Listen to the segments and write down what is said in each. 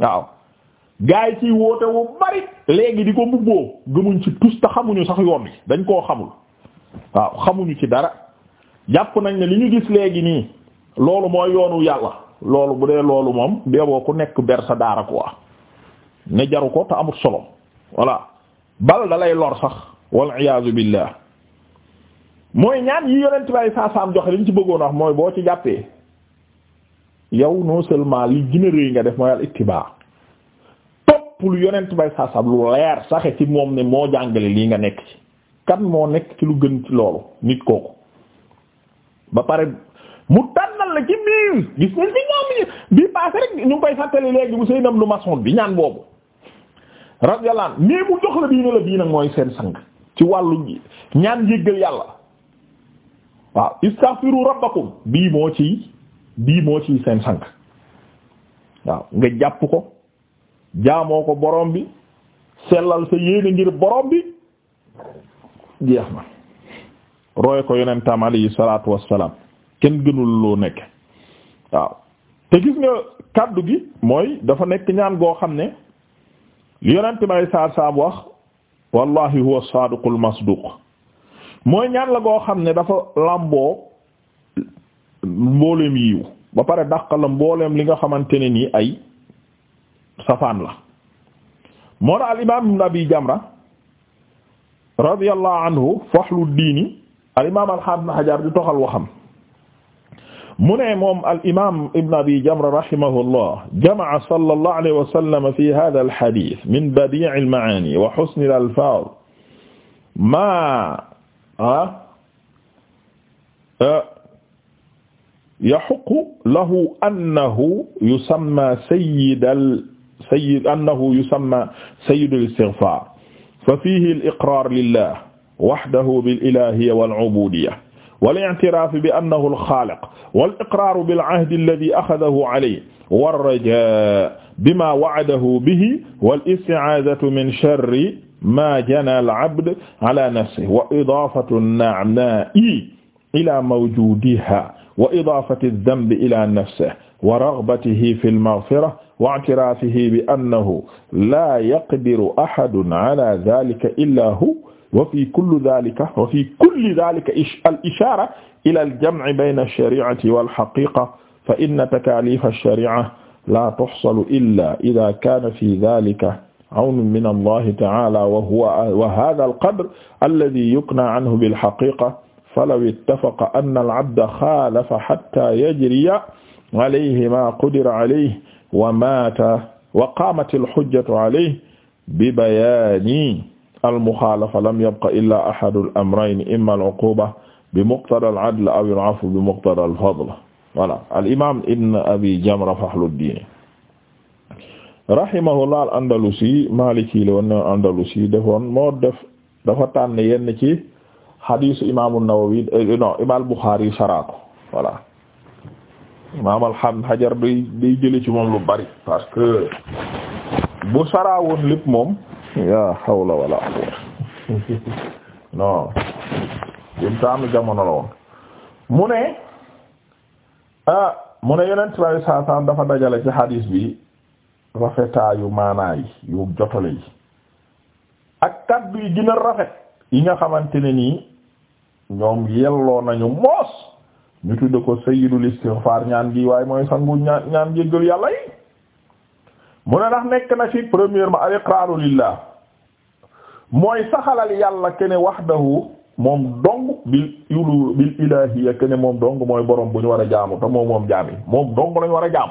waaw gaa yi ciy woote wu bari léegi di ko mbubboo gëmuñ ci tus te xamuñu sax yoon wi dañ koo xamul waaw xamuñu ci dara jàpp nañ ne li ñu gis léegi nii loolu mooy yoonu yàlla loolu bu dee loolu moom deeboo ku nekk ber sa daara quoi ne jaru ko te amul solo walla bal da lay lor sax wal iyaazu billah mooy ñaan yi yonent bay saasaam joxe liñ ci bëggoon wax mooy boo ci jàppee yow non seulement li gën nga def mooy al ittibaa topp lu yonent bay saasab lu leer saxe ci moom ne moo jàngale lii nga nekk ci kan moo nekk ci lu gën ci loolu nit kooku ba pare mu tànnal la ci biir gis nañ ci bi ñaan boobu radiyallahu mais mu jox la bii la bii mooy seen sang ci wàllu ñaan jéggal yàlla waaw istaghfiru rabbakum bii moo ci bii moo ci seen sànq waaw nga jàpp ko jaamoo ko boroom bi sellal sa yéene ngir boroom bi jeex na roy ko yonentam alayhi salaatu wassalaam kenn gënul loo nekk waaw te gis nga kaddu gi mooy dafa nekk ñaan goo xam ne li yonent may saar wax wallahi huwa saadiqul masduq mooy ñaan la goo xam ne dafa làmboo mbooleem yiw ba pare dàqal la mbooleem li nga xamante ne nii ay safaan la moo na al imaam ibn abi jamra radiyallahu anhu faxlu diini al imaam al xaafid xajar di toxal waxam mu ne moom al imaam ibn abi jamra rahimahullah jamaca sallallahu alayhi wa sallam fi haaza al xadiis min badii' al macaani wa xusni al yaxuqu lahu annahu yusamma sayyidal sayyid annahu yusamma sayyidul istighfar fa fiihi al-iqrar lillah wahdahu bil ilaahiyya wal ubuudiyya wal i'tiraaf bi annahu al-xaaliq wal iqrar bil ahdi alladhi akhadahu alayhi war rajaa bimaa wa'adahu bihi wal isti'aazatu min sharri maa janaa al-'abdu alaa nafsihi wa idaafatu an-ni'maa'i ilaa mawjuudihaa wa idaafati ad-dambi ila nafsihi wa raghbatihi fi al-maghfira wa i'tiraafihi bi annahu laa yaqdiru ahadun ala dhalika illa hu wa fi kulli dhalika wa fi kulli dhalika al-ishaara ila al-jam'i bayna ash-shari'ati wal-haqiiqa fa inna takaalifa ash-shari'a laa tuhsalu illaa idhaa kaana fi dhalika awnun min allahi ta'aala wa huwa wa haadha al-qadru alladhii yuqnaa anhu bil-haqiiqa falaw ittafaqa anna al-abda xaalafa hatta yajriya alayhi ma qudira alayhi wa maata wa qaamati al-hujjatu alayhi bi bayaani al-muxaalafa lam yabqa illaa ahadu al-amrayni imma al-uquuba bi muqtada al-adl aw al-afwu bi muqtada al-fadl voilà al-imaam ibn abi jamra faxluddiin rahimahullah al-andalusi maliki la woon andalusi defoon moo def dafa tànn yenn ci xadiisu imaamu Nawawi eh, non imaam Buxaari saraako voilà imaam alxam xajar day ci moom lu bari parce que bu saraawoon lépp moom yaa xawla wala quwwata non jëm taami jamono la woon mu ne ah mu ne yeneen travi saa saa dafa dajale ci xadiis bi rafetaayu maanaa yi yu jotale ak kaddu yi gën rafet yi nga xamante ne nii ñoom yelloo nañu moos ñu tudde ko sayyidul istighfar ñaan gi waaye mooy sangu ñaan ñaan jéggal yàlla yi mu ne ndax nekk na ci premièrement al iqraaru lillah mooy saxalal yàlla kene wahdahu moom dong bil ilu bil kene moom dong mooy borom bu ñu war a jaamu te moom moom jaam yi moom dong lañu war a jaam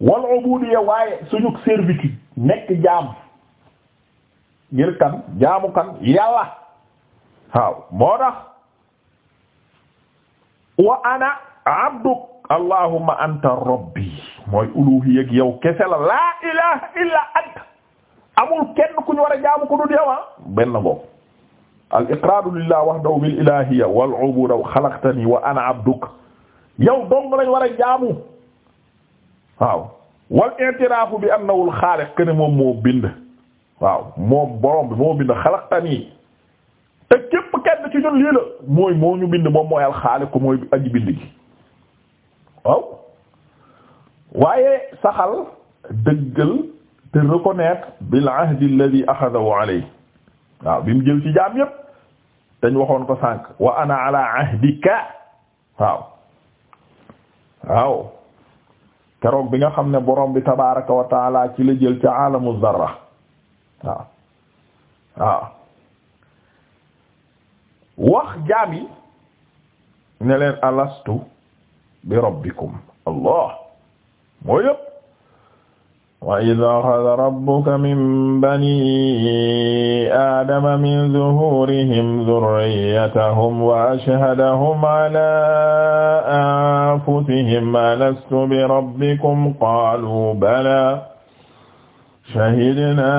wal ubudiyya waaye suñu servitude nekk jaam ngir kan jaamu kan yàlla waaw moo tax wa ana abduk allahumma anta rabbi mooy uluhiyya yow kese la laa ilaha illa anta amul kenn ku ñu war a jaamu ko du dewa ah benn ngoo al iqraaru lillah wahdahu bil ilahiyya wal ubud xalaqtani wa ana abduk yow dong lañ war a jaamu waaw wal i'tiraafu bi annahu al xaaliq ken moom moo bind waaw moom borom bi moo bind xalaqtani ndigal lii mooy moo ñu bind moom mooy alxaali mooy aji bind gi waaw waaye saxal dëggal te reconnaître bil ahdi alladhi axadahu waaw bi mu jël ci jaam yépp dañ waxoon ko sànq wa ana ala ahdika waaw waaw keroog bi nga xam ne borom bi tabaraka wa ci la jël ci alamu zarra waaw waaw wax jaam yi ne leen alastu bi rabbikum allah moo yëpp wa id axada rabbuka min bani aadama min zuhurihim zurriyatahum wa ashhadahum ala anfusihim alastu bi rabbikum qaalu bala shahidna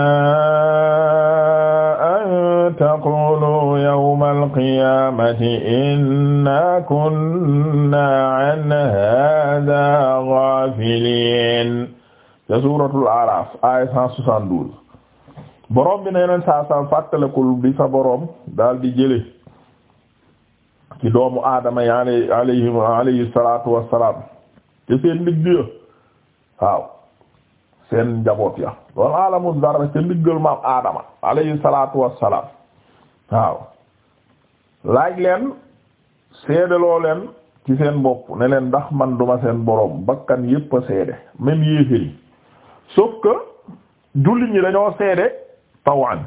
taqulu yawma alqiyamati inna kunna an hadha ghafilin ca suratul araf aya 172 borom bi ne neen saa sa fàttalekul bi sa borom daal di jële ci doomu aadama yi alayhi alayhi salatu wassalam te seen ligg waaw seen njaboot ya wal alamu zarra ca ndiggal maam aadama alayhi salaatu wassalaam waaw laaj leen seedeloo leen ci seen bopp ne leen ndax man duma seen boroom bakkan yépp a seede même yéeféer yi sauf que ñi dañoo seede tawan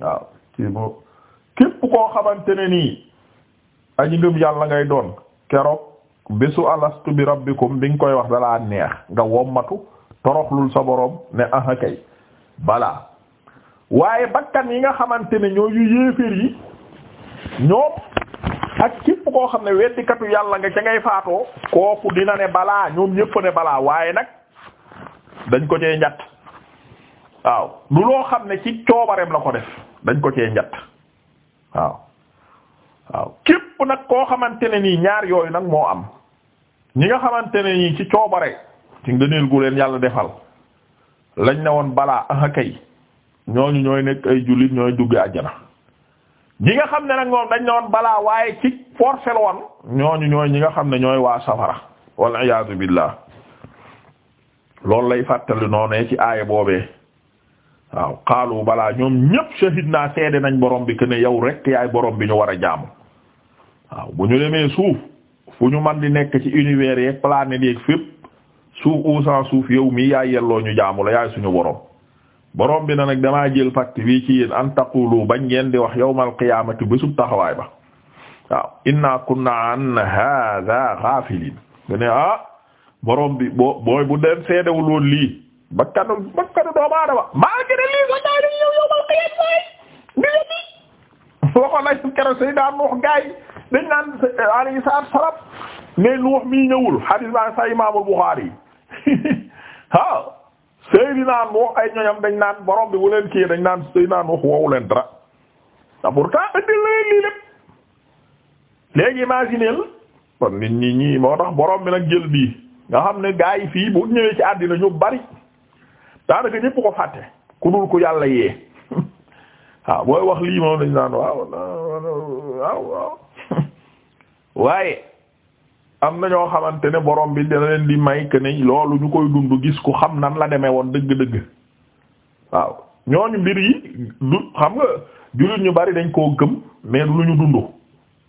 waaw kii bu képp koo xamante ne nii ngëm yàlla ngay doon keroog bésu alastu bi rabbikum bi nga koy wax dalaa neex nga wommatu toroxlul sa boroom ne aha balaa waaye bakkan yi nga xamante ne ñoo yéeféer yi ñoom ak képp koo xam ne weddikatu yàlla nga ca ngay faatoo kooku dina ne balaa ñoom ñépp ne balaa waaye nag dañ ko cee njatt waaw lu loo xam ne ci coobareem la ko def dañ ko cee njatt waaw waaw képp nag koo xamante ne nii ñaar yooyu nag moo am ñi nga xamante ne nii ci coobare ci ngëneel gu leen yàlla defal lañ ne woon balaa aha ñooñu ñooy nekk ay jullit ñooy dugg àjjana ñi nga xam ne nag ñoom dañ ne woon balaa waaye ci forcé woon ñooñu ñooy ñi nga xam ne ñooy waa safara wal iyaadu billah loolu lay fàttali noonee ci aaya boobee waaw xaalu balaa ñoom ñépp shahid naa seede nañ borom bi que ne yow rek yaay borom bi ñu war a jaamu waaw bu ñu demee suuf fu ñu man di nekk ci univers yeeg planètes yeeg fépp suuf uusan suuf yow mii yaa yelloo ñu jaamu la yaay suñu borom borom bi na nag damaa jël pacte bii ci an taqulu bañ ngeen di wax yawmal qiyaamati bésub taxawaay ba waaw inna kunna an hadha ghafilin nga ah borom bi booy bu den seedewul woon lii bakkanu bakkanu doomu maa gën lii ko ñaari yow yawmal qiyaam waay bi yëppi waxoon nañ keroog say daan wax gaay dañ naan alayhi salaam mais nuux mii ñëwul hadith ba sa imaamul Bukhari waaw Seydina Nuux ay ñoñam dañ naan borom bi bu leen kii dañ naan Seydina Nuux woowu leen dara te pourtant indi la leen lii lépp léegi imaginer nit ñi ñii moo tax borom bi nag jël bii nga xam ne gaa fii bu ñëwee ci àddina ñu bari daanaka ñépp ko fàtte ku dul ku yàlla yee waaw booy wax lii moom dañ naan waaw waaw waaw waaye am na ñoo xamante ne borom bi dina leen di may que ne loolu ñu koy dund gis ko xam nan la demee woon dëgg-dëgg waaw ñooñu mbir yi du xam nga jullit ñu bari dañ koo gëm mais du lu ñu dund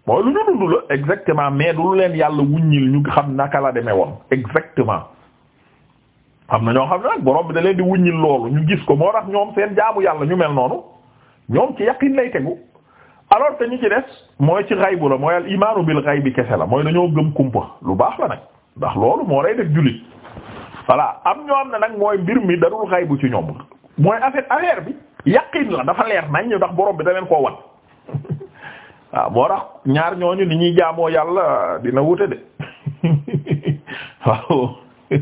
mooy lu ñu dund la exactement mais du lu leen yàlla wuññil ñu xam naka la demee woon exactement. am na ñoo xam ne nag borom bi da leen di wuññil loolu ñu gis ko moo tax ñoom seen jaamu yàlla ñu mel noonu ñoom ci yaqin lay tegu. alors que ñi ci des mooy ci xaybu la mooy al imaanu bil xaybi kese la mooy dañoo gëm kumpa lu baax la nag ndax loolu moo lay def jullit voilà am ñoo am ne nag mooy mbir mi darul xaybu ci ñoom mooy affaire affaire bi yaqin la dafa leer nañ ndax borom bi da leen koo wan waaw moo tax ñaar ñooñu ni ñuy jaamoo yàlla dina wute de waaw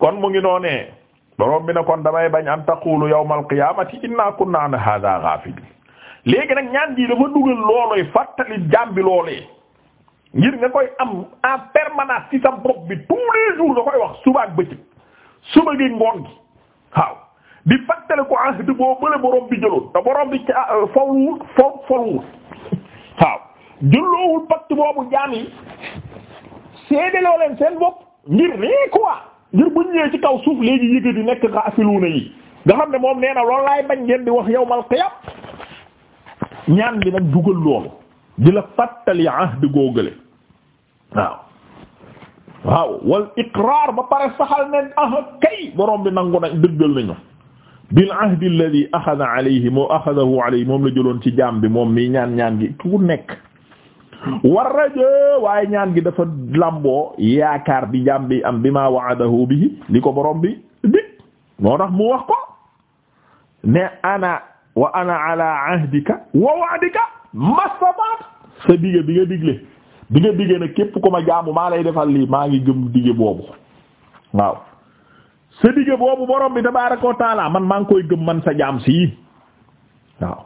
kon mu ngi noonee borom bi ne kon damay bañ an taqulu yawmal qiyaamati inna kunna an hadha ghafilin léegi nag ñaan gi dafa dugal looloy fàttali jaam bi loolee ngir nga koy am en permanence ci sa bi tous les jours nga koy wax suba bëccëg suba gi ngoon gi waaw di fàttali ko en boo bële borom bi jëloon te borom bi ca euh, fawwul faw fawwul waaw jëloowul pacte boobu jaam yi seedaloo leen seen bopp ngir nii quoi ngir bu ñëwee ci kaw suuf léegi yëgë di nekk xaafiluuna yi nga xam ne moom nee na lool laay bañ ngeen di wax yawmal qiyam ñaan bi nag dugal loolu di la fàttali ahd góogale waaw waaw wal iqraar ba pare saxal ne ah kay borom bi nangu na dëggal nañu bil ahdi alladhi axada alayhi moo axadahu alayhi moom la jëloon ci jaam bi moom mii ñaan ñaan gi ku nekk war rajaa waaye ñaan gi dafa lamboo yaakaar bi jaam bi am bi ma wa'adahu bihi li ko borom bi dig moo tax mu wax ko ne ana wa ana ala ahdika wa wa'dika mastatat sa dige bi nga digle bi nga dige na képp ko ma jaamu maa lay defal lii maa ngi gëm dige boobu waaw sa dige boobu borom bi tabaaraka wa taala man maa ngi koy gëm man sa jaam sii waaw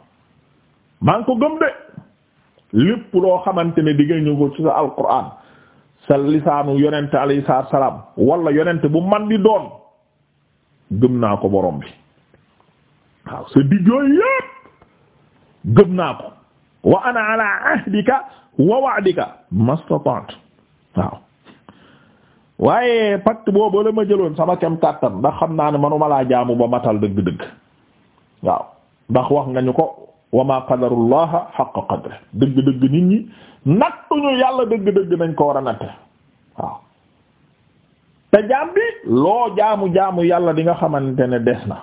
maa ngi ko gëm de lépp loo xamante ne di nga ñëw ko ci sa alquran sa lisaanu yonent alayhi salaam wala yonent bu man di doon gëm naa ko borom bi waaw sa diggoo yépp gëm naa ko wa ana ala ahdika wa wa'dika mastata'tu waaw waaye pacte boobu la ma jëloon sama kem kàttan ndax xam naa ne manuma laa jaamu ba matal dëgg-dëgg waaw ndax wax nga ñu ko wa ma qadarullaha xaqa qadre dëgg-dëgg nit ñi nattuñu yàlla dëgg-dëgg nañ ko war a natte waaw te jaam bi loo jaamu jaamu yàlla di nga xamante ne des na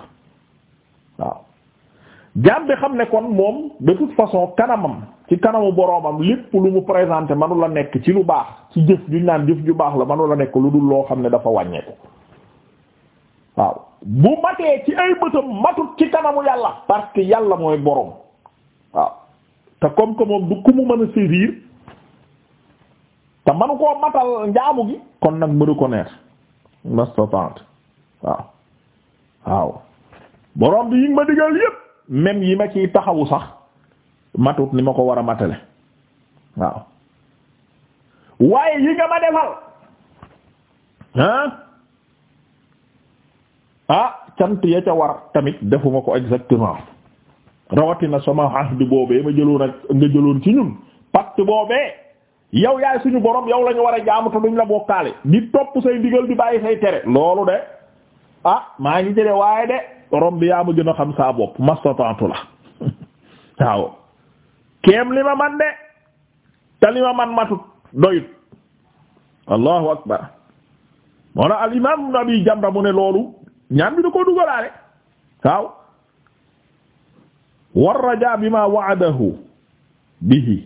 waaw jaam bi xam ne kon moom de toute façon kanamam ci kanamu boroomam lépp lu mu présenté manu la nekk ci lu baax ci jëf juñ naan jëf ju baax la manu la nekk lu dul loo xam ne dafa wàññeeku waaw bu matee ci ay bëtam matut ci kanamu yàlla parce que yàlla mooy boroom waaw te comme que moom du ku mu mën a saisir te manu koo matal njaamu gi kon nag mu reconnaître mastopante waaw waaw borom bi yi ma digal yépp même yi ma ciy taxawu sax matut ni ma ko war a matale waaw waaye yi nga ma defal ah ah cant ya ca war tamit defuma ko exactement rawatina sama ahdi boobee ma jëloon ak nga jëloon ci ñun pacte boobee yow yaay suñu borom yow la ñu war a jaamu te duñ la bokkaale di topp say digal di bàyyi say tere loolu de ah maa ngi jëlee waaye de. borom bi yaa ma gën a xam saa bopp mastata'tu la waaw keem li ma man de te li ma man matut doyut allahu akbar moo na al imam ibn abi jamra ne loolu ñaan bi da ko dugalaale waaw war rajaa bi ma wa'adahu bihi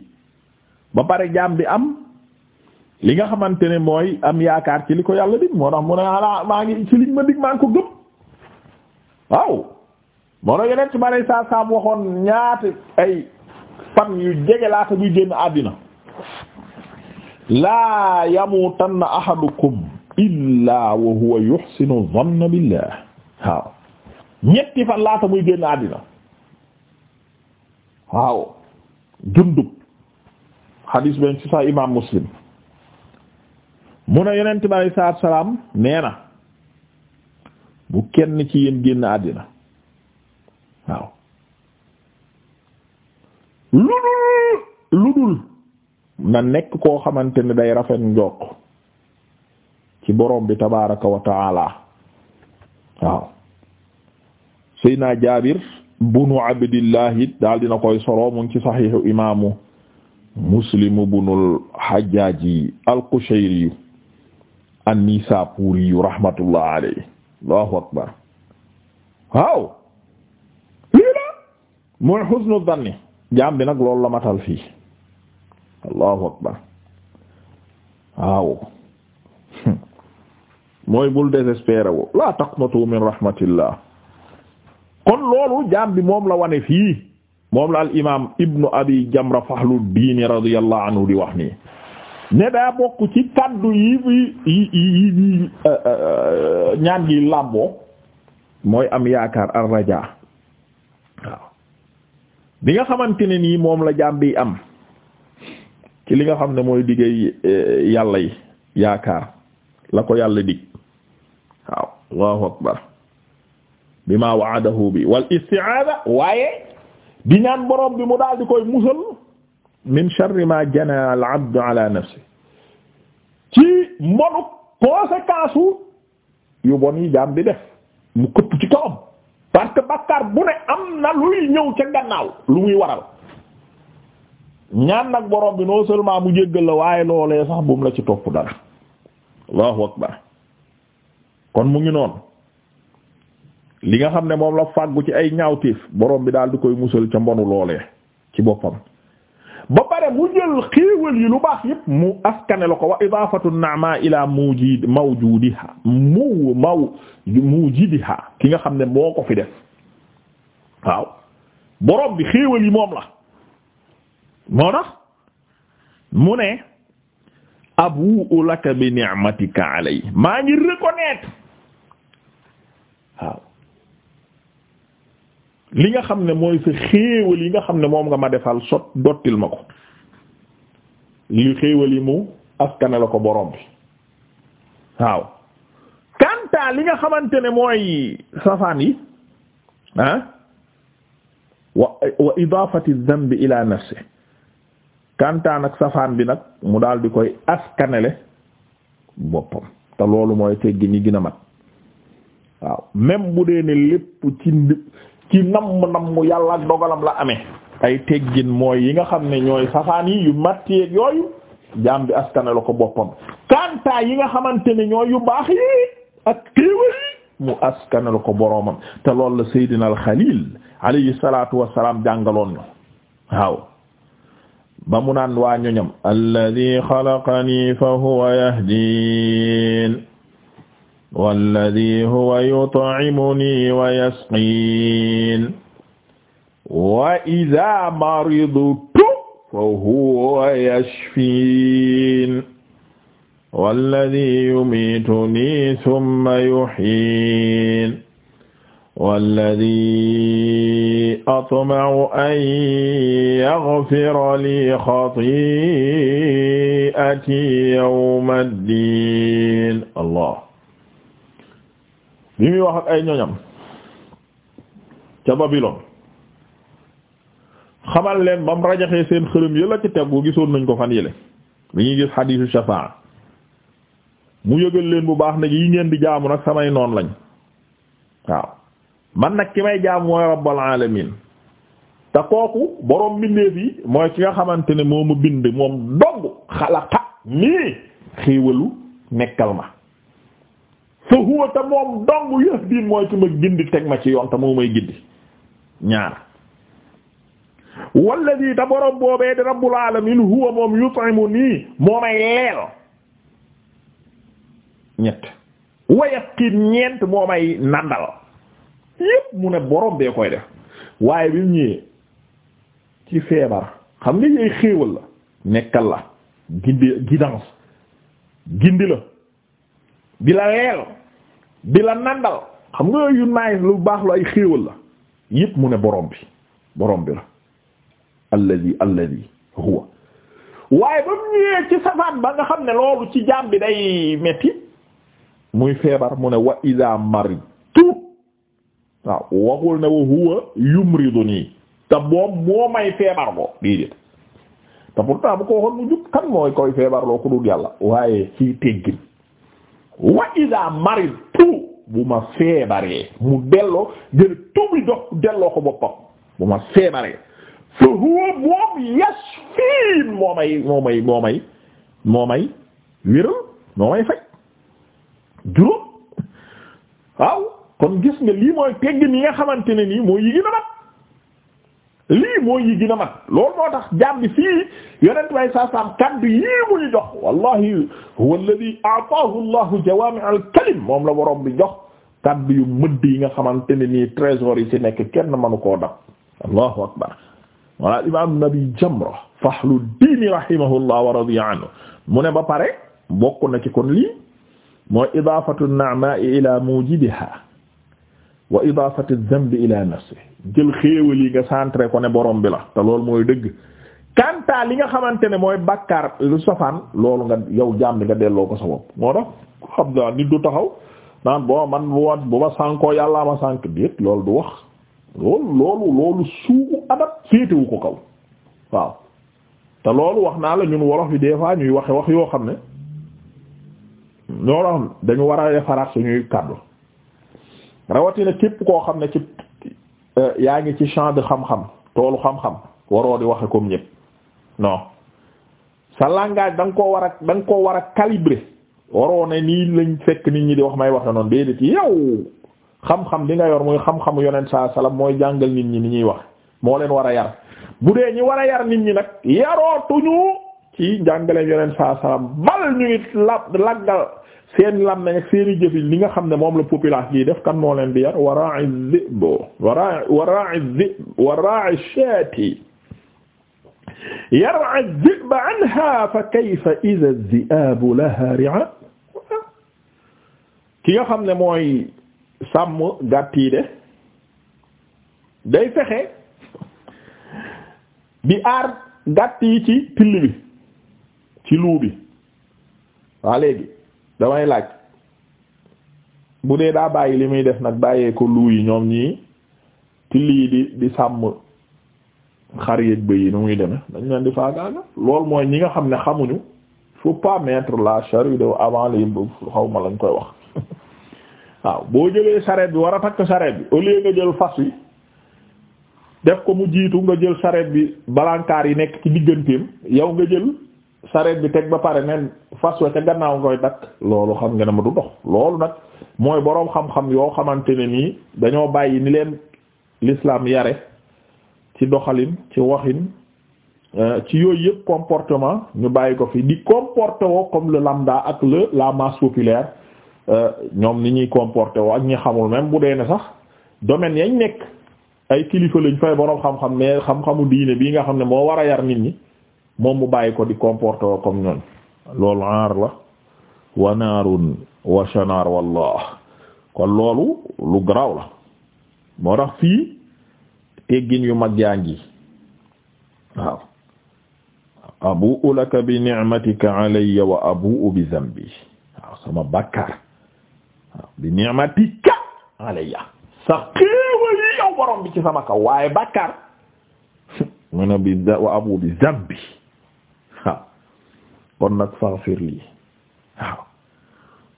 ba pare jaam bi am li nga xamante ne mooy am yaakaar ci li ko yàlla dig moo tax mu ne ala maa ngi ci liñ ma dig maa ngi ko gëm waaw moo na yeneen ci ma ne saa saam waxoon ñaata ay fan yu jege laata muy génn àddina laa yamuutanna ahadukum illaa wa huwa yuhsinu dhanna billah waaw ñetti fan laata muy génn àddina waaw jundub hadis ben ci sa imam muslim mu ne yeneen ci ma ne saa salaam nee na bu kenn ci yéen génn àddina waaw lu dul lu dul na nekk koo xamante ne day rafet njokk ci borom bi tabaaraka wa taala waaw Seydina Jaabir bunu Abdillah daal dina koy solo mu ngi ci saxiixu imaamu Muslim bunul Hajjaaji al-Qushayri an-Nisaapuuri rahmatullah alayhi allahu akbar waaw lii la mooy xusnu danni jaam bi nag lool la matal fii allahu akbar waaw mooy bul désespéré wu la taqnatu min rahmatillah kon loolu jaam bi moom la wane fii moom la al imaam ibnu abi jamra fahlud diini radiyallahu anhu di wax nii ne daa bokk ci kaddu yi yi yi euh, euh, euh, ñaan gi làmboo mooy am yaakaar ar waaw bi nga xamante ne nii moom la jaam bi am ci li nga xam ne mooy diggay yàlla yi yaakaar la ko yàlla dig waaw allahu akbar bi ma waadahu bi wal isti'aada waaye di ñaan borom bi mu daal di koy musal min sharri ma jana al abd ala nafsi ci mbonu conséquence yu bon yi jaam di def mu këpp ci kawam parce que bàkkaar bu ne am na luy ñëw ca gannaaw lu muy waral ñaan nag borom bi non seulement mu jéggal la waaye loolee sax buum la ci topp dara allahu akbar kon mu ngi noon li nga xam ne moom la fàggu ci ay ñaawteef borom bi daal di koy musal ca mbonu loolee ci boppam ba pare mu jël xéewal yi lu baax yépp mu askane la wa idaafatu naama ila mujid mawjudiha mu mujidiha ki nga xam ne moo ko fi def waaw borom bi xéewal yi moom la moo tax mu ne abu'u laka bi ni'matika alay maa ngi reconnaître waaw li nga xam ne mooy sa xéewal yi nga xam ne moom nga ma defal sot dottil ma ko li xéewal yi mu askane la ko borom bi waaw kanta li nga xamante ne mooy safaan yi ah wa wa idaafati dhanbi ila nafsi kanta nag safaan bi nag mu daal di koy askanele boppam te loolu mooy teggi ñi gën a mat waaw même bu dee ne lépp ci ki namm namm yàlla ak dogalam la amee ay teggin mooy yi nga xam ne ñooy safaan yi yu matteeg yooyu jaam bi askane la ko boppam kanta yi nga xamante ne ñooy yu baax yi ak xéewal yi mu askane la ko boroomam te loolu la Seydina al Xaliil alayhi salaatu wassalaam jàngaloon ñu waaw ba mu naan waa ñoñam alladi xalaqani fa huwa yahdin walladi huwa yut'imuni wa yasqin wa idha maridtu fa huwa yashfin walladi yumituni thumma yuhyin walladi atma'u an yaghfira li khati'ati yawma ddin Allah bi muy wax ak ay ñoñam ca Babylone xamal leen bam rajaxee seen xërëm yëla ci tegu gisoon nañ ko fan yële li ñuy gis xadiisu shafaa mu yëgal leen bu baax nag yi ngeen di jaamu nag samay noon lañ waaw man nag ki may jaamu mooy rabbal alamin te kooku boroom mbindeef yi mooy ki nga xamante ne moo ma bind moom dong xalaqa nii xéewalu nekkal ma fa huwa te moom dong yahdin mooy ki ma gindi teg ma ci yoon te moo may gindi ñaar walladi te borom boobee di rabbul alamin huwa moom yut'imu nii moo may leel ñett wa yasqin ñeent moo may nandal yépp mu ne borom bee koy def waaye bi ñëwee ci feebar xam nga yooyu xéewal la nekkal la gindi guidance gindi la di la leel di la nandal xam nga yu naay lu baax lu ay xéewal la yépp mu ne borom bi borom bi la alladi alladi huwa waaye ba mu ñëwee ci safaan ba nga xam ne loolu ci jaam bi day metti muy feebar mu ne wa ida maritu waaw waxul ne wa huwa yumriduni te moom moo may feebar boo déedéet te pourtant bu ko waxoon mu jub kan mooy koy feebar loo ko dul yàlla waaye ci teggin wa iza maridtu bu ma feebaree mu delloo gën tubi dox delloo ko boppam bu ma feebaree fa huwa moom yasfiin moo moo may moo may moo may wéral moo may faj juróom waaw kon gis nga lii mooy tegg ni nga xamante ne nii mooy yi gën a lii mooy yi gën a mat moo tax jaam fii yonent way saa kaddu yii muy jox wallahi huwa alladhi a'taahu allahu jawaami' al moom la borom bi jox kaddu yu mëdd yi nga xamante ne nii trésor yi ci nekk kenn mënu koo dab allahu akbar wala imam nabi jamra fahlu diini rahimahullah wa radiya anhu mu ne ba pare bokk na ci kon lii mooy idaafatu an-na'maa'i ila mujibiha wa idaafati dhanbi ila nafsi jël xéewal yi nga centré ko ne borom bi la te loolu mooy dëgg kanta li nga xamante ne mooy bàkkaar lu safaan loolu nga yow jaam bi nga delloo ko sa bopp moo tax xam nga nit du taxaw naan bo man bu ma sànkoo yàlla ma sànk déet loolu du wax loolu loolu loolu adab féetewu ko kaw waaw te loolu wax naa la ñun wolof yi des fois ñuy waxe wax yoo xam ne ñoo xam dañu war a defaraat suñuy kàddu rawatina képp koo xam ne ci euh, yaa ngi ci champ de xam-xam toolu xam-xam waroo di waxe comme ñëpp non sa langage da koo war a da koo war a calibrer waroo ne nii lañ fekk nit ñi di wax may waxe noonu déedéet yow xam-xam bi nga yor muy xam-xamu yonent saa mooy jàngal nit ñi ni ñuy wax moo leen war a yar bu dee ñi war yar nit ñi nag yarootuñu ci jàngaleem yonent saa bal ñu laggal seen lam nañ ak seeni jëfi li nga xam ne moom la population yi def kan moo leen di yar wara'i dhib wara'i wara'i dhib wara'i shati yar'a dhib anha fa kayfa idha dhib laha ri'a ki nga xam ne mooy sàmm gàtt yi de day fexe di aar gàtt yi ci till bi ci damay laaj bu dee daa bàyyi li muy def nag bàyyeeku ko luu yi ñoom ñii ci lii di di sàmm xar yëg ba yi nu muy demee dañ leen di faagaaga loolu mooy ñi nga xam ne xamuñu foo pas mettre la charrue avant les bœufs xaw ma lañ koy wax waaw boo jëlee charrette bi war a takk charrette bi au lieu nga jël fas wi def ko mu jiitu nga jël charrette bi balankaar yi nekk ci digganteem yow nga jël sareet bi teg ba pare nen fas wa ca gannaaw ngoy dakk loolu xam nga ne ma du dox loolu nag mooy boroom xam-xam yoo xamante ne nii dañoo bàyyi ni leen l'islam yare ci doxalin ci waxin euh, ci yooyu yëpp comportement ñu bàyyi ko fi di comporté woo comme le lambda ak le la masse populaire euh, ñoom ni ñuy comporté woo ak ñi xamul même bu dee ne sax domaine yañ nekk ay kilifa lañ fay boroom xam-xam mais xam-xamu diine bii nga xam ne moo war a yar nit ñi moom mu bàyyi ko di comporter comme ñoon loolu aar la wa naarun wallah kon loolu lu garaaw la moo tax teggin yu mag yaa ngi waaw abu'u laka bi ni'matika alayya wa abu'u bi zambi waaw sama bi ni'matika alayya sa xéewal yi yow borom bi ci sama kaw waaye bakkaar mu ne bi wa abu bi zambi kon nag faghfir lii waaw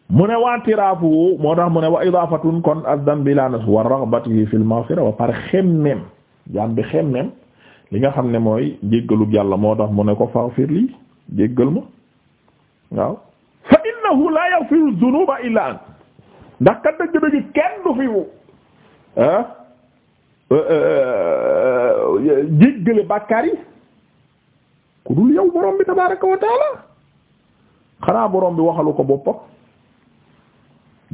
mu ne waa tiraafu moo tax mu ne wa idaafatun kon ad-dambi ila nas wa raghbatihi fil maghfira wa par xemmeem jaam bi xemmeem li nga xam ne mooy jéggalu yàlla moo tax mu ne ko faghfir lii jéggal ma ah, euh, euh, euh, yi ku dul yow borom bi tabaaraka wa xanaa borom bi waxalu ko boppam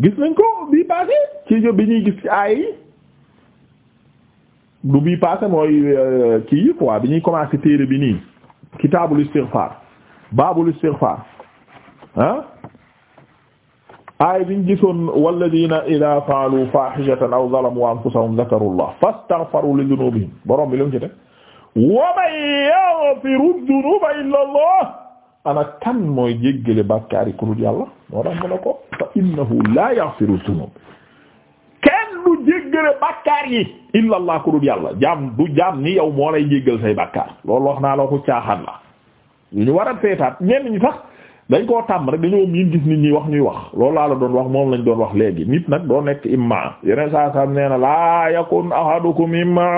gis nañ ko bii passé ci jo bi ñuy gis ci aay yi du bii passé mooy euh, kii yi quoi bi ñuy commencé téere bi nii kitaabul istighfar baabul istighfar ah aay biñ gisoon walladina ida faalu fahishatan aw zalamu anfusahum zakarullah fastaghfaru li dunubihim borom bi lu mu ci def wa man yaghfiru dunuba illa allah ana kan mooy jéggale bàkkaari kurut yàlla moo tax mu ne ko fa innahu la yaghfiru dhunub kenn du jéggale bàkkaar yi illa allah kurut yàlla jaam du jaam ni yow moo lay jéggal say bàkkaar loolu wax naa la ko caaxaan la yu ñu war a seetaat ñenn ñi sax dañ koo tàmm rek dañoo miin gis nit ñi wax ñuy wax loolu laa la doon wax moom lañ doon wax léegi nit nag doo nekk imma yeneen saa saa nee na laa yakun ahadukum imma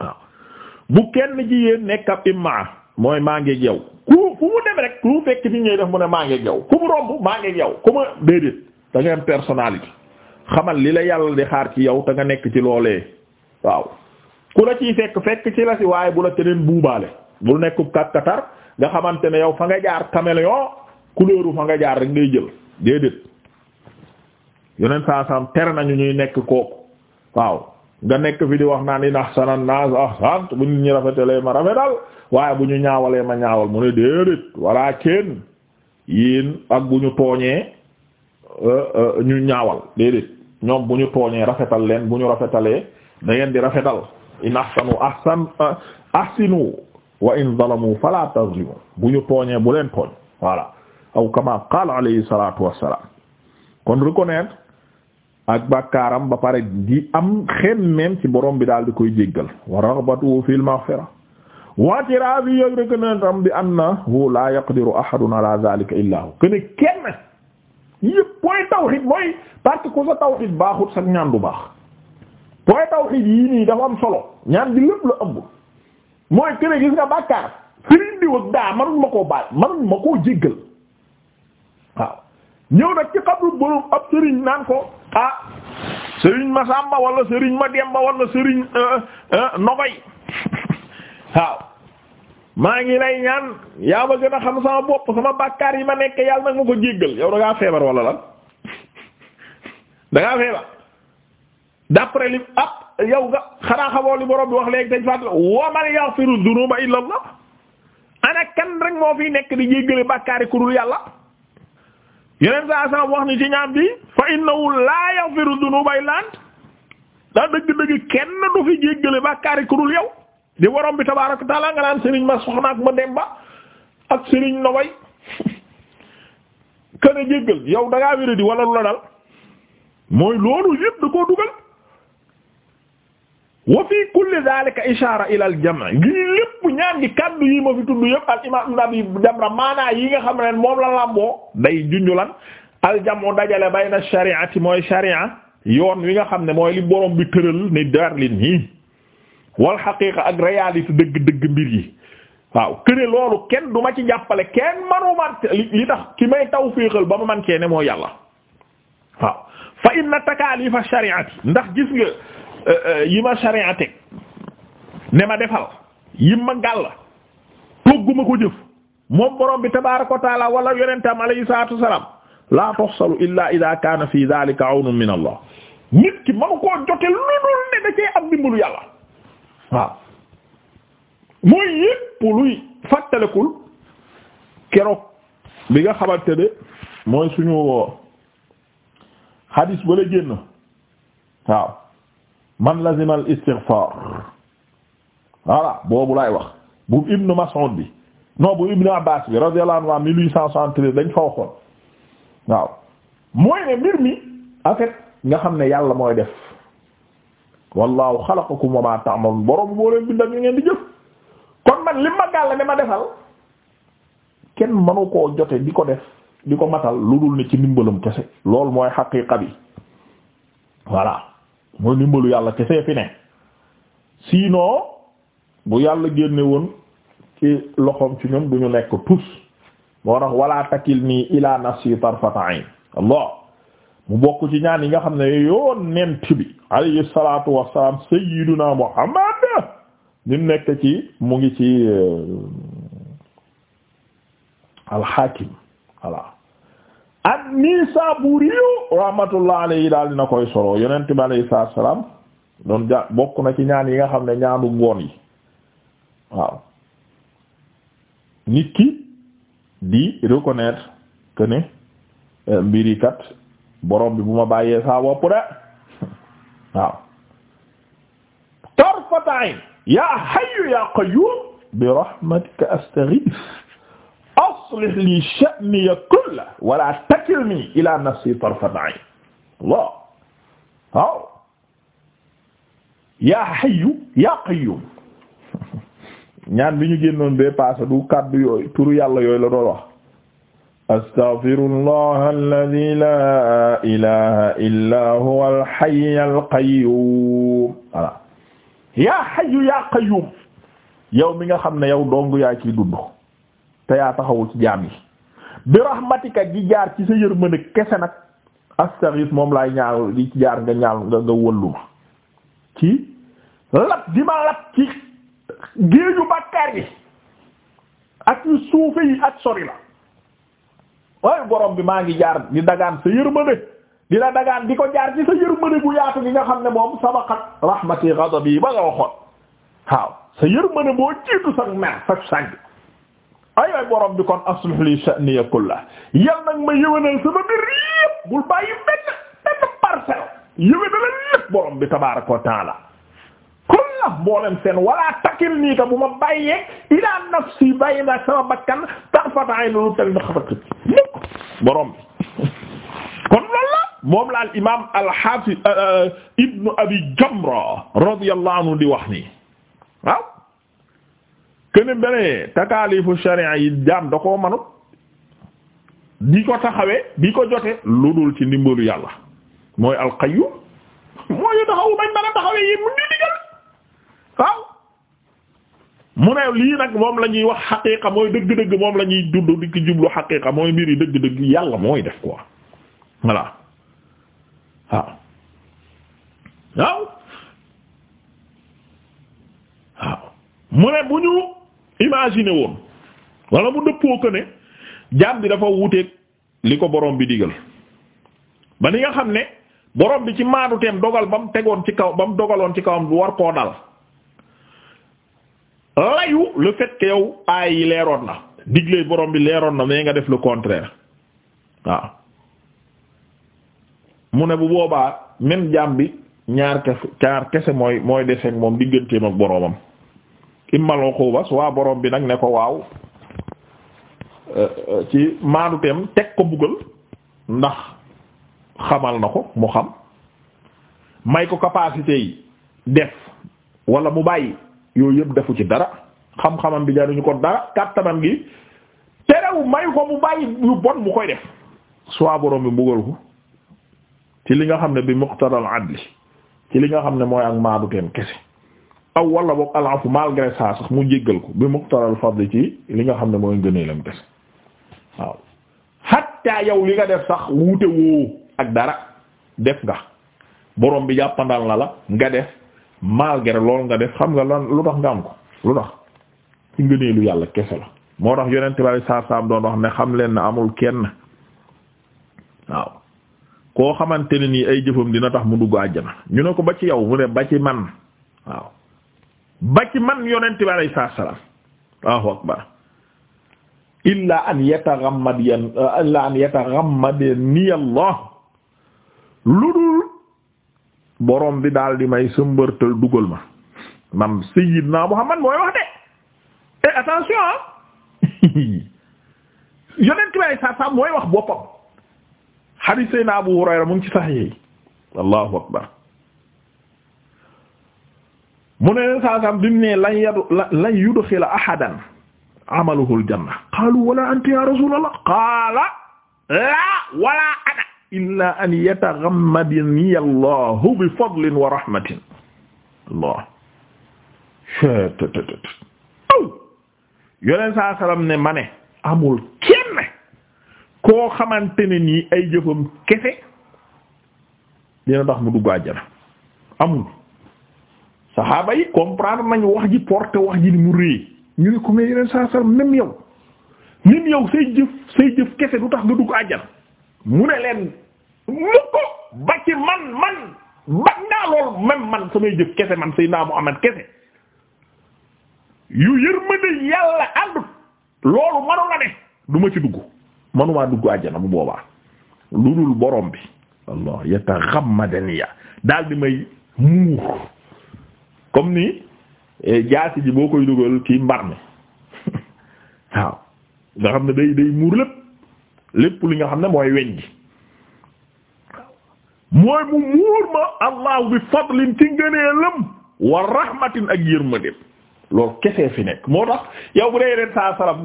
waaw bu kenn ci yéen nekk ab imma mooy maa ngi ak yow ku mu dem rek ku fekk nit ñuy def mu ne maa ngi ak ku mu romb maa ngi ak yow ku ma déedéet da nga am personnalité xamal li la yàlla di xaar ci yow te nga nekk ci loolee waaw ku la ci fekk fekk ci la si waaye bu la keneen buubaale bu nekku kat katar nga xamante ne yow fa nga jaar caméléon couleur fa nga jaar rek ngay jël déedéet yeneen saa saam tere nañu ñuy nekk kooku waaw nga nekk fi di wax naan in ahsanan nas ahsant bu nit waaye bu ñu ñaawalee ma ñaawal mu ne déedéet walla kenn yéen ak bu ñu tooñee euh, euh, ñu ñaawal déedéet ñoom bu ñu tooñee rafetal leen bu ñu rafetalee da di rafetal in ahsanu ahsan euh, ahsinu wa in zalamu fala tazlimu bu ñu tooñee bu leen tooñ voilà aw kama qaala alayhi salatu wassalam kon reconnaître ak bàkkaaram ba pare di am xen même ci borom bi daal di koy jéggal wa raghbatu fil maghfira watirage yi yooyu rek na tam bi annahu la yaqdiru ahadun ala zalika illa hu kene kenn yëpp point tawhid mooy parce ku sa tawhid baaxut sax ñaan du baax point tawhid yii nii dafa am solo ñaan bi lépp la ëmb mooy kene gis nga bàkkaar sëriñ di wag daa mënuñ ma koo baal mënuñ ma ko jéggal waaw ñëw nag ci xabru borom ab sëriñ naan ko ma ah, sëriñ Masamba wala sëriñ Mademba wala sëriñ euh, euh, Nogoy waaw maa ngi lay ñaan yaa ma gën a xam sama bopp sama bàkkaar yi ma nekk yàlla nag ma ko jéggal yow da ngaa feebar wala lan da feebar d'après li ah, yow nga xanaa xamoo li borom bi wax léegi dañ fàttali wa man yaghfiru illa Allah ana kan rek moo fi nekk di jéggale bàkkaar yi ku dul yàlla yeneen saa saa wax ni ci ñaan bi fa innahu laa yaghfiru dhunuba illa ant daa dëgg-dëgg kenn du fi jéggale bàkkaar ku dul yow. di warom bi tabaaraka wa taala nga naan Serigne ma soxna ma demba ak Serigne Nogoy kën a jéggal yow da ngaa wéradi wala lu la dal mooy loolu yépp da koo dugal wa fi kulli dhalika ishara ila al jam' lii ñaan gi kaddu yi ma fi tudd yépp al imam ibn abi maanaa yi nga xam ne moom la làmboo day junjulan al jam'u dajale bayna shari'ati mooy shari'a yoon wi nga xam ne mooy li borom bi tëral ni darlin yi wal xaqiiqa ak réalité dëgg-dëgg mbir yi waaw loolu kenn du ma ci jàppale kenn manuma li tax ki may tawfiixal ba ma man cee ne moo yàlla waaw fa inna takaalifa shari'ati ndax gis nga euh, euh, yi ma shari'a ne ma defal yi ma gàll togguma ko jëf moom borom bi tabaaraka wa taala wala yonentam alayhi salaatu wasalaam laa tuhsalu illa ida kaana fi dhalika awnun min allah nit ki manu koo jote lu dul ne da cee am dimbalu yàlla waaw mooy yépp luy fàttalikul keroog bi nga xamante ne mooy suñu xadis ba la génn waaw man lazima al istighfar voilà boobu laay wax bu ibnu Mas'ud bi non bu ibnu Abbas bi radiyallahu anhu wa mille huit cent soixante-treize dañ fa waxoon waaw mooy ne mbir mi en fait nga xam ne yàlla mooy def wallaahu xalaqakum wa maa ta'malun borom moo leen bind ak li ngeen di jëf kon man li ma gàll ne ma defal kenn mënu koo jote di ko def di ko matal lu dul ne ci ndimbalum kese loolu mooy xaqiiqa bi voilà mooy ndimbalu yàlla kese fi ne sinon bu yàlla génne woon ci loxoom ci ñoom du ñu nekk tous moo tax wala takil nii ila nafsi tarfata ayn Allah mu bokk ci ñaan yi nga xam ne yoon nent bi alayhi salatu wassalam sayyiduna muhammad ni nekk ci mu ngi ci euh, alxakim voilà an-Nisaburi rahmatullah alayhi daal dina koy solo yonent bi alayhi salatu wassalam doon bokk na ci ñaan yi nga xam ne ñaanu ngoon yi waaw nit ki di reconnaître que ne euh, mbiri borom bi bu ma bàyyee saa wopp de waaw ayn yaa hayyu yaa qayyum bi rahmatika astaghith li sha'ni kullahu wa la ila nafsi tarfata ayn Allah waaw yaa hayyu yaa bi ñu génnoon bee paase du kàddu yooyu turu yàlla yooyu la doon astaghfirullah alladhi la illa huwa alhayy alqayyum yaa hayyu yaa qayyum yow mi nga xam ne yow dong yaa ciy dund te yaa taxawul ci jaam yi bi rahmatika di jaar ci sa yërmande kese nag astaghith moom laay ñaal di jaar nga ñaal nga nga ci lap di ma lap ci géeju bàkkaar yi ak yu suufe yi ak sori la waaye borom bi maa ngi jaar di dagaan sa yërmande di la dagaan di ko jaar ci sa yërmande bu yaatu gi nga xam ne moom sabaqat rahmati ghadabi ba nga waxoon waaw sa yërmande boo jiitu sa mer sa sànq ay waay borom bi kon aslih li sha'ni kullah yal nag ma yëwénal sama mbir yépp bul bàyyi benn benn parcelle yëwénal lépp borom bi tabaaraka wa ta'ala ah mboolem seen wala takkil nii ka bu ma ilaa nafsi bàyyi naa sama bakkan tarfata ayni lu teg na xabatul mukk borom bi kon loolu la moom al imaam al euh, euh, abi jamra radiyallahu anhu di wax nii waaw kenn beneen takaalifu sharia yi jaam da koo manut di ko taxawee di ko jote ci ndimbalu mooy al qayyum mooy taxawu bañ mën a yi mu ñu waaw mu ne lii nag moom lañuy wax xaqiiqa mooy dëgg-dëgg moom la ñuy dudd di ki jublu xaqiiqa mooy mbir dëgg-dëgg yàlla mooy def quoi voilà waaw waaw waaw mu ne bu ñu imaginer woon wala mu dëppoo ko ne jaam bi dafa wuteeg li ko boroom bi digal ba li nga xam ne borom bi ci maadu teem dogal ba mu tegoon ci kaw ba mu dogaloon ci kawam war koo dal layu le fait yow aay yi leeroon na digle boroom bi leeroon na mais nga def le contraire waaw mu ne bu boobaa même jaam bi ñaar kese ñaar kese mooy mooy deseeg moom digganteem ak boroomam immaloo ko bas waa boroom bi nag ne ko waaw euh, euh, ci maanuteem teg ko buggal ndax xamal na ko mu xam may ko capacité yi def wala mu bàyyi yooyu yëpp defu ci dara xam-xamam bi jaruñu ko dara kàttanam gi terew mayu ko mu bàyyi yu bon mu koy def soit borom bi mbugal ko ci li nga xam ne bi muqtaral adli ci li nga xam ne mooy ak maadu teen kese aw wala boog alafu malgré ça sax mu jéggal ko bi muqtaral fadli ci li nga xam ne mooy ngëneelam kese waaw hatta yow li nga def sax wuute woo ak dara def nga borom bi jàppandal na la nga def malgré loolu nga def xam nga lan lu tax nga am ko lu tax ci ngëneelu yàlla kese la moo tax yonent bari saar saam doon wax ne xam leen na amul kenn waaw koo xamante ne nii ay jëfam dina tax mu dugg àjjana ñu ne ko ba ci yow mu ne ba ci man waaw ba ci man yonent bari saar saam Allahu akbar illa an yataxammad yan an yataxammad ni lu dul borom bi daal di may sëmbërtal dugal ma man sayyidna Muhammad mooy wax de et eh, attention ah. yonent bay sa sa mooy wax boppam hadith sayna Abu Hurayra mu ngi ci sahih allahu akbar mu ne leen saa saam bi mu lan yadu lan yudxila ahadan amaluhu aljanna qaalu wala anta ya rasulallah qaala laa wala illa an yataghammadani allahu bi fadlin wa rahmatin allah aw yoneen saa salam ne ma amul kenn koo xamante ne nii ay jëfam kese dina tax mu dugg àjjana amul saxaaba yi comprendre nañ wax ji porté wax ji ni mu réy ñu ne ko mais yeneen saa salam même yow même yow say jëf say jëf kese du tax nga dugg àjjana mu ne leen mu ko ba ci man man bañ naa lool même man samay jëf kese man Seydina Muhammad kese yu yërmande yàlla àndut loolu manu ne du ci dugg manumaa dugg àjjana bu boobaa lu dul borom bi allah yataghammadaniya daal di may muur comme ni eh, jaasi ji boo koy dugal ci mbar mi waaw nga xam ne day day muur lépp lépp li nga xam ne mooy weñ gi mooy mu muur ma allahu bi fadlin ci ngëneelam wa rahmatin ak yërmandeem loolu kesee fi nekk moo tax yow bu dee yeneen saa salam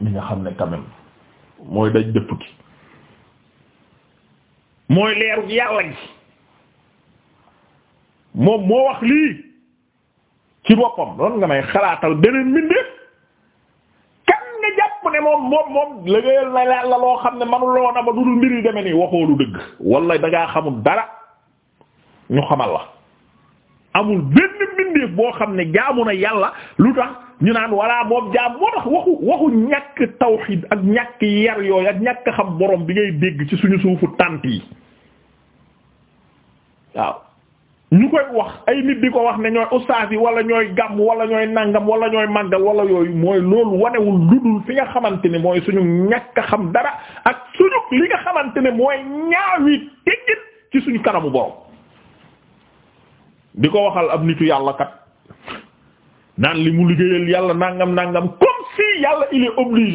li nga xam ne quand même mooy daj dëpp gi mooy leeru yàlla gi moom moo wax lii ci boppam loolu nga may xalaatal beneen mbindeef ne moom moom moom na yàlla loo xam ne manuloo na ba du dul mbir yu deme nii waxoolu dëgg wala dangaa xamul dara ñu xamal la amul benn mbindeef boo xam ne jaamu na yàlla lu tax ñu naan walla moom jaam moo tax waxu waxu ñàkk tawxiid ak ñàkk yar yooyu ak ñàkk xam borom bi ngay dégg ci suñu suufu tànt yi waaw ñu koy wax ay nit di ko wax ne ñooy ustaas yi wala ñooy gàmm wala ñooy nàngam wala ñooy màggal wala yooyu mooy loolu wanewul ludul fi nga xamante ne mooy suñu ñàkk a xam dara ak suñu li nga xamante ne mooy ñaawi teggin ci suñu kanamu borom. di ko waxal ab nitu yàlla kat naan li mu liggéeyal yàlla nangam nangam comme si yàlla il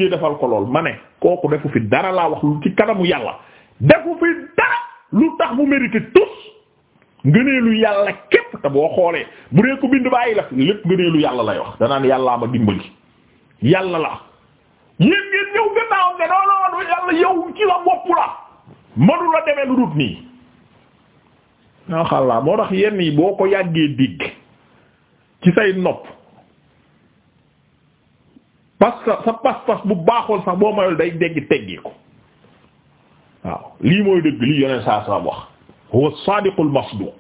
est defal ko lool ma ne kooku defu fi dara laa wax ci kanamu yàlla defu fi dara lu tax mu mérite tous. ngëneelu yàlla képp te boo xoolee bu dee ko bind bàyyi la lépp ngëneelu yàlla lay wax danaan yàllaa ma dimbali yàlla la yéen ngeen ñëw gannaaw nga dooloon yàlla yow ci la bopp la mënu la demee lu dut nii maaxàllaa moo tax yenn yi boo ko yàggee digg ci say nopp parce que sa pas-pas bu baaxoon sax boo mayul day dégg teggi waaw lii mooy dëgg lii yoneen saa saa wax huwa as-sadiqul masduq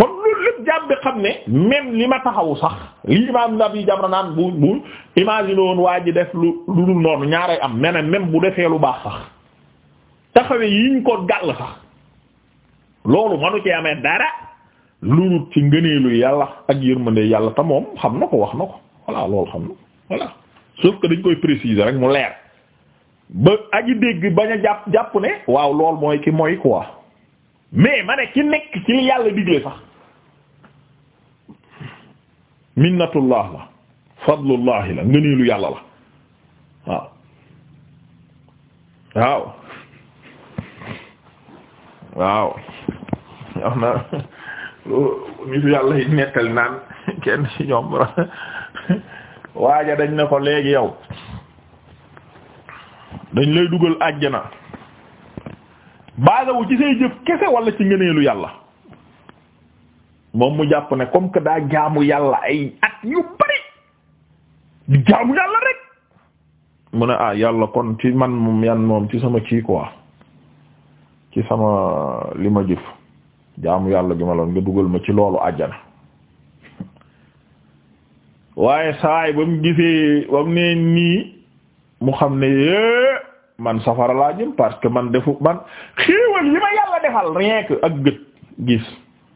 kon loolu lépp jàpp bi xam ne même li ma taxawu sax li imam nabi jamra naan bu bu imagine woon waa ji def lu lu dul noonu ñaaray am mene même bu defee lu baax sax taxawe yiñ ko gàll sax loolu manu ci amee dara lu ci ngëneelu yàlla ak yërmande yàlla te moom xam na ko wax na ko voilà loolu xam na voilà sauf que dañ koy préciser rek mu leer ba aji dégg bañ a jàpp jàpp ne waaw lool mooy ki mooy quoi mais ma ki nekk ci li yàlla digle sax minnatullah la fadlullah la ngëneelu yàlla la waaw waaw waaw am na nitu yàlla yi nettali naan kenn ci ñoom waaja dañ ne ko léegi yow dañ lay dugal àjjana baasa wu ci say jëf kese wala ci ngëneelu yàlla moom mu jàpp ne comme que daa jaamu yàlla ay at yu bari di jaamu yàlla rek mu ne ah yàlla kon ci man moom yan moom ci sama kii quoi ci sama li ma jëf jaamu yàlla gi ma loon nga dugal ma ci loolu àjjana waaye saay ba gisee ba ne nii mu xam ne eh, man safara laa jëm parce que man defu man xéewal yi ma yàlla defal rien que ak gët gis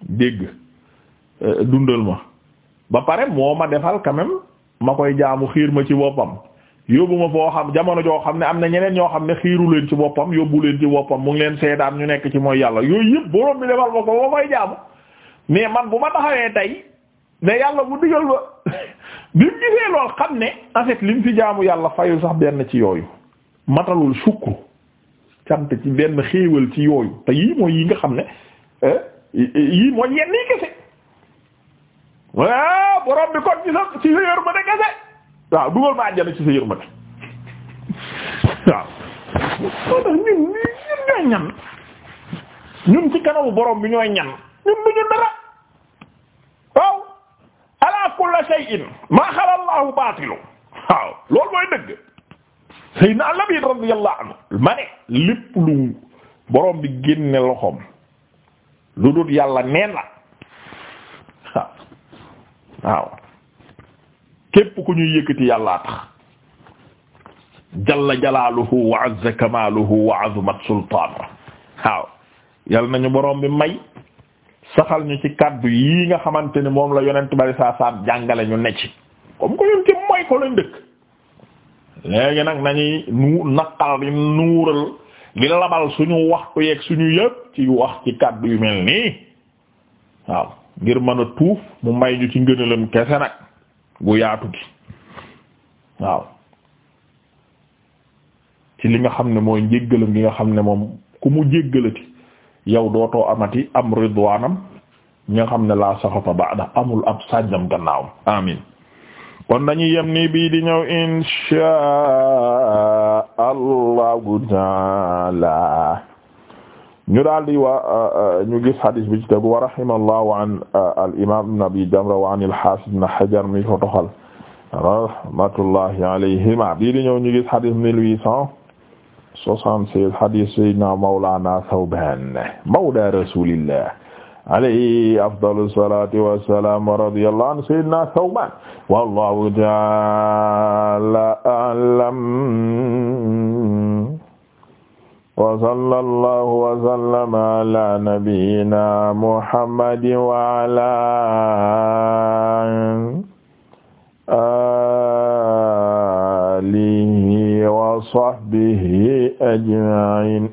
dégg euh, dundal ma ba pare moo ma defal quand ma koy jaamu xiir ma ci boppam yóbbu ma foo xam jamono joo xam ne am na ñeneen ñoo xam ne xiiru leen ci boppam yóbbu leen ci boppam mu ngi leen seedaan ñu nekk ci mooy yàlla yooyu yëpp borom bi defal ma ko ba koy jaamu mais man bu ma taxawee tey ne yàlla bu digal ba bi mu gisee lool xam ne en li mu fi jaamu yàlla fayu sax benn ci yooyu matalul sukku cant ci benn xéewal ci yooyu te yii mooy yi nga xam ne eh, yii mooy yenn yi kese waaw ah, borom bi kon ci sa ci sa yërmande kese waaw dugal ma àjjana ci sa yërmande waaw kanamu borom bi ñooy ñan waaw ala kulli shay'in ma xala Allahu baatilu waaw loolu mooy dëgg Seydina Labiid radiyallahu anhu ma ne lépp lu borom bi génne loxoom lu dut yàlla neen la waaw waaw képp ku ñuy yëkkati yàllaa tax jalla jalaaluhu wa azza kamaaluhu wa azumat sultaanuhu waaw yàlla nañu borom bi may saxal ñu ci kàddu yii nga xamante ne moom la yonent bari saa saam jàngale ñu ne ci comme ko ñun ci mooy ko lañ dëkk léegi nag nañuy nu naqal di nuural di labal suñu waxtu yeeg suñu yëpp ci wax ci kàddu yu mel nii waaw ngir mën a tuuf mu may ñu ci ngënalam kese nag gu yaatu gi waaw ci li nga xam ne mooy njéggalam gi nga xam ne moom ku mu jéggalati yow dootoo amati am ridwaanam ñi nga xam ne laa saxafa ba'da amul ab sàjjam gannaawam amin kon dañuy yem ni bii di ñëw insha allahu taala ñu daal di wa ñu gis hadis bi ci tegu wa rahimallahu an al imam ibn abi jamra wa an al hafiz ibn hajar mi ko toxal rahmatullahi alayhima bii di ñëw ñu gis hadis mille huit cent soixante-seize hadis sayyidina mawlana thawban mawla rasulillah alayhi afdalu salati wassalam wa radiyallahu anhu sayyidina Thawban wallahu ta'ala a'lam wa sallallahu wa sallama ala nabiyyina Muhammadin wa ala alihi wa sahbihi ajma'in